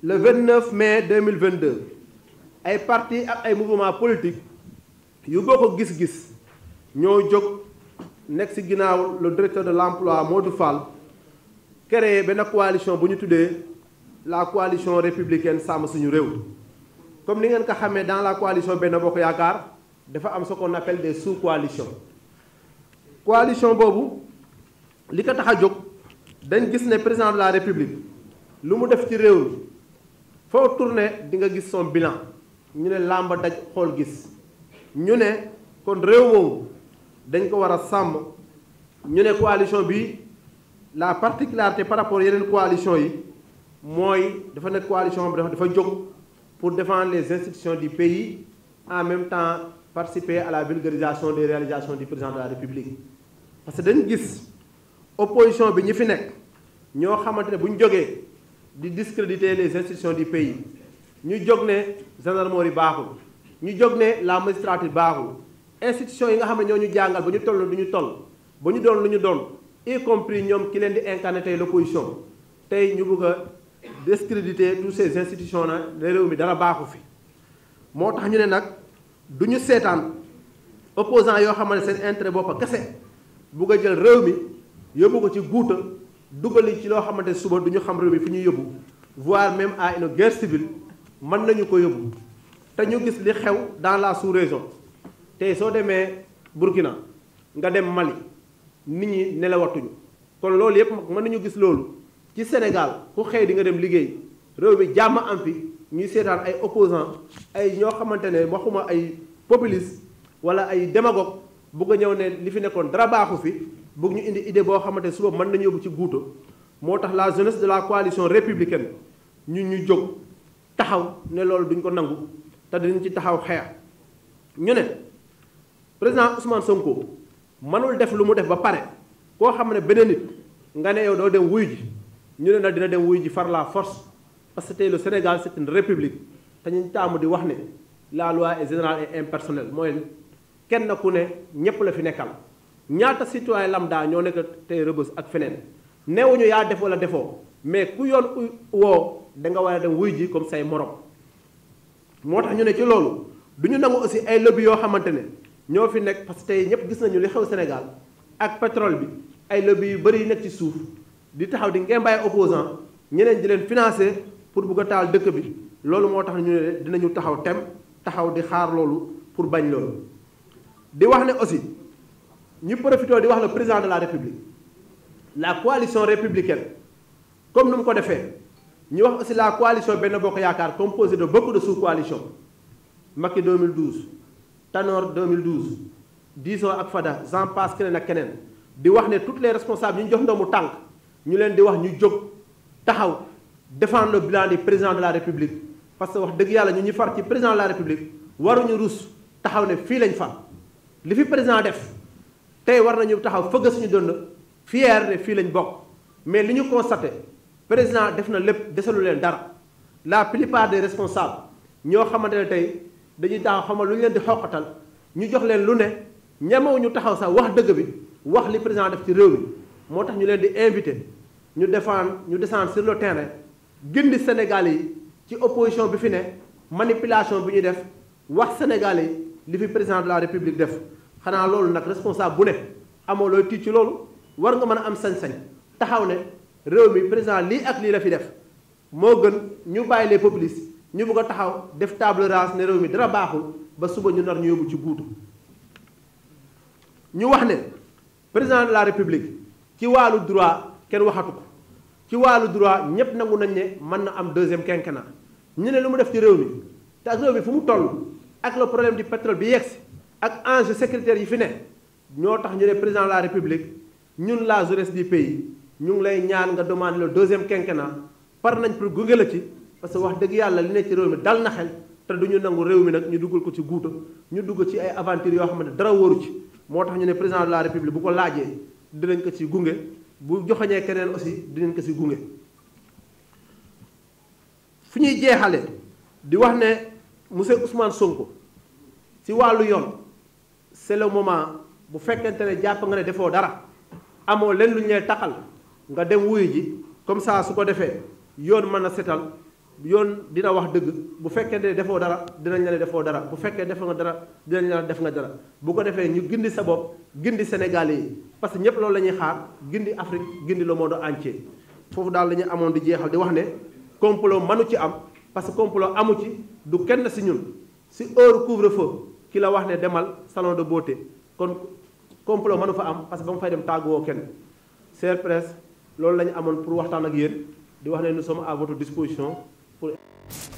le 29 mai 2022 ay parti un ay mouvement politique yu boko gis-gis ñoo jok le directeur de l'emploi Modou Fall créé ben coalition bu ñu la coalition républicaine sam suñu comme ni ngeen dans la coalition Benno Boko Yakar, am ce qu'on appelle des sous-coalitions coalition Bobu, li ko a dañ gis ne président de la république lu mu def ci foo tourné di nga gis son bilan ñu ne làmba daj xool gis ñu ne kon réew moomu dañ ko war a ñu ne coalition bi la particularité par rapport à coalition yi mooy dafa nekk coalition bi dafa jóg pour défendre les institutions du pays en même temps participer à la vulgarisation des réalisations du président de la République parce que dañ gis opposition bi ñi fi nekk ñoo xamante ne bu di discréditer les institutions du pays ñu jóg ne gendarmerie baaxul ñu jóg la magistrature baaxul institution yi nga xam ne ñoo ñu jàngal ba ñu toll lu ñu toll ba ñu doon lu doon y compris ñoom ki leen di incarné tey l'opposition tey ñu bëgg discréditer tous ces institutions na ne réew mi dara baaxu fi moo tax ñu ne nag du ñu seetaan opposant yoo xam ne seen intérêt bopp kese bugg a jël réew mi yóbbu ko ci guuta dugali ci loo xamante suba du ñu xam réew mi fu ñuy yóbbu voire même à une guerre civile mën nañu ko yóbbu te ñu gis li xew dans la sous-région tey soo demee Burkina nga dem Mali nit ñi nelawatuñu kon loolu yëpp mën nañu gis loolu ci Sénégal ku xëy di nga dem liggéey réew bi jàmm am fi ñuy seetaan ay opposants ay ñoo xamante ne waxuma ay populis wala ay démagogues bugg a ñëw ne li fi nekkoon dara baaxu fi. bëgg ñu indi idée boo xamante suba mën nañu yóbbu ci guuta moo tax la jeunesse de la coalition républicaine ñu ñu jóg taxaw ne loolu duñ ko nangu te dinañ ci taxaw xeex ñu ne président Ousmane Sonko mënul def lu mu def ba pare koo xam ne beneen nit nga ne yow doo dem wuyu ji ñu ne na dina dem wuy ji far la force parce que tey le Sénégal c'est une république te ñu taamu di wax ne la loi est générale et impersonnelle mooy kenn ku ne ñépp la fi nekkal ñaata citoyen lambda ñoo nekk tey rëbës ak feneen neewuñu yaa def wala defoo mais ku yoon woo da nga war a dem wuy ji comme say morom moo tax ñu ne ci loolu du ñu nangu aussi ay lobby yoo xamante ne ñoo fi nekk parce que tey ñëpp gis nañu li xew senegal ak pétrole bi ay lobby yu bëri yu nekk ci suuf di taxaw di ngeen bàyyi opposant ñeneen di leen financé pour bugg a taal dëkk bi loolu moo tax ñu ne dinañu taxaw tem taxaw di xaar loolu pour bañ loolu di wax ne aussi. nous profitons de voir le président de la république la coalition républicaine comme nous le ko nous avons aussi la coalition Benno Bokk composée de beaucoup de sous-coalitions Maki 2012 Tanor 2012 Diso Akfada, Fada j'en passe keneen ak keneen di wax les responsables ñu avons jox ndoomu tànk ñu leen di wax ñu défendre le bilan du président de la république parce que wax avons dit ñu le président de la république nous avons taxaw ne le lañ fa li fi président def nous war nañu taxaw fëgg suñu fier ne fii mais li ñu président def la plupart des responsables ñoo xamante ne dañuy taxaw lu di xoqatal ñu jox leen lu ne ñamaw ñu taxaw président def ci réew mi invité ñu ñu descendre sur le terrain gindi Sénégal ci opposition bi manipulation bi ñu def wax Sénégal président de la République xanaa loolu nag responsable bu ne amoo looy tiit ci loolu war nga mën a am sañsañ taxaw ne réew mi président lii ak lii la fi def moo gën ñu bàyyi les populistes ñu bëgg a taxaw def table rase ne réew mi dara baaxul ba suba ñu nar ñu yóbbu ci guutu ñu wax ne président la république ci wàllu droit kenn waxatu ko ci wàllu droit ñépp nangu nañ ne mën na am deuxième quinquennat ñu ne lu mu def ci réew mi te ak réew mi fu mu toll ak le problème di pétrole bi yegsi ak enjeu sécuritaire yi fi ne ñoo tax ñu ne président la république ñun la jeunesse du pays ñu ngi lay ñaan nga demande le deuxième quinquennat par nañ pour gunge la ci parce que wax dëgg yàlla li ne ci réew mi dal na xel te du ñu nangu réew mi nag ñu duggal ko ci guuta ñu dugg ci ay aventure yoo xam ne dara waru ci moo tax ñu ne président de la république bu ko laajee dinañ ko ci gunge bu joxoñee keneen aussi dinañ ko ci gunge fu ñuy jeexale di wax ne monsieur Ousmane Sonko ci wàllu yoon c'est le moment bu fekkente ne jàpp nga ne defoo dara amoo nga dem wuyu ji comme ça su ko defee yoon mën a dina wax dëgg bu fekkente dara dinañ la ne dara bu fekkee def nga dara dinañ la def nga dara bu ko defee ñu gindi sa bopp gindi Sénégalais yi parce que ñëpp loolu la ñuy xaar gindi Afrique gindi le monde entier foofu daal la ñu di jeexal di wax ne complot manu ci am parce que complot amu ci du kenn si ñun si heure couvre-feu. ki la wax ne demal salon de beauté kon complot mënu fa am parce que ba mu fay dem tàgguwoo kenn chère presse loolu la amoon pour waxtaan ak yéen di wax ne nous sommes à votre disposition pour